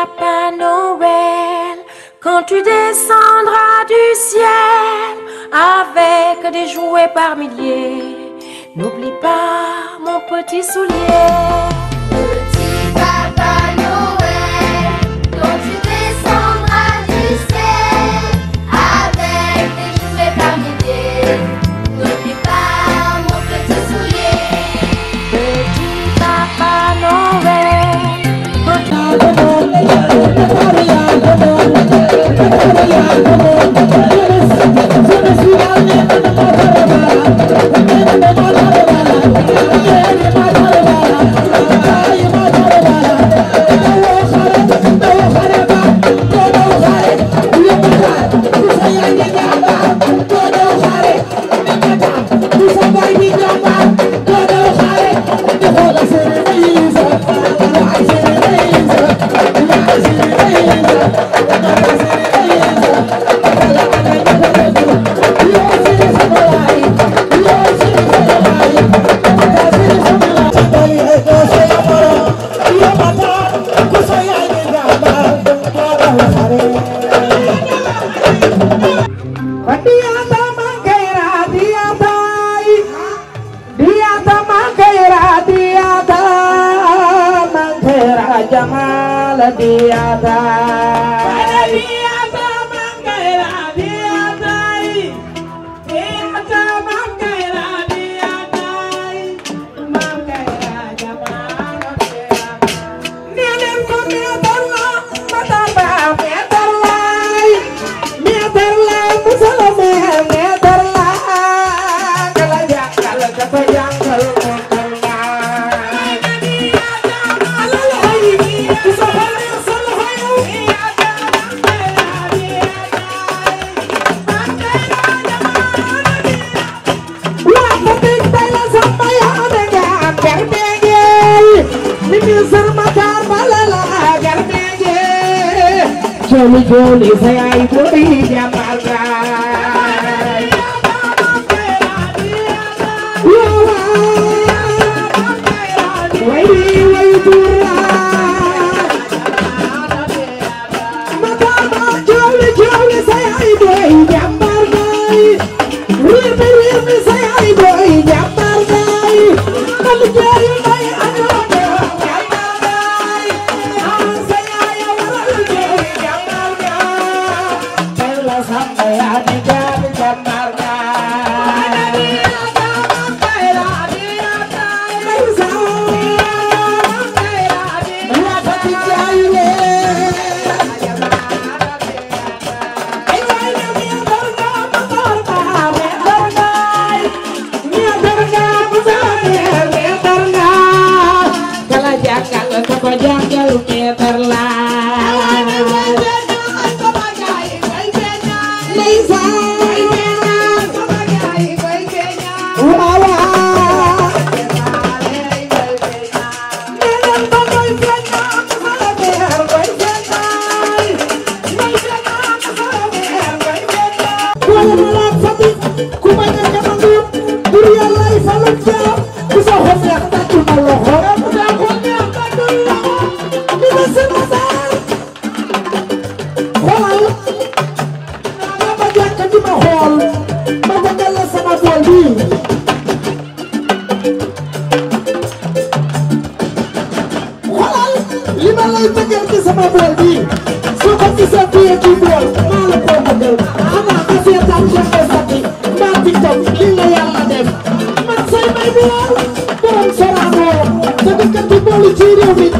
échappe à Noël quand tu descendras du ciel avec des jouets par milliers. N'oublie pas mon petit soulier. Thank you. la diada. joli joli sa yaay buri jàmmal yaa di li ma lay tëggal ci sama bool bi su ko gisee fii ci bool maa la ko Sénégal borom Sorano te dëkkati boolu ci réew mi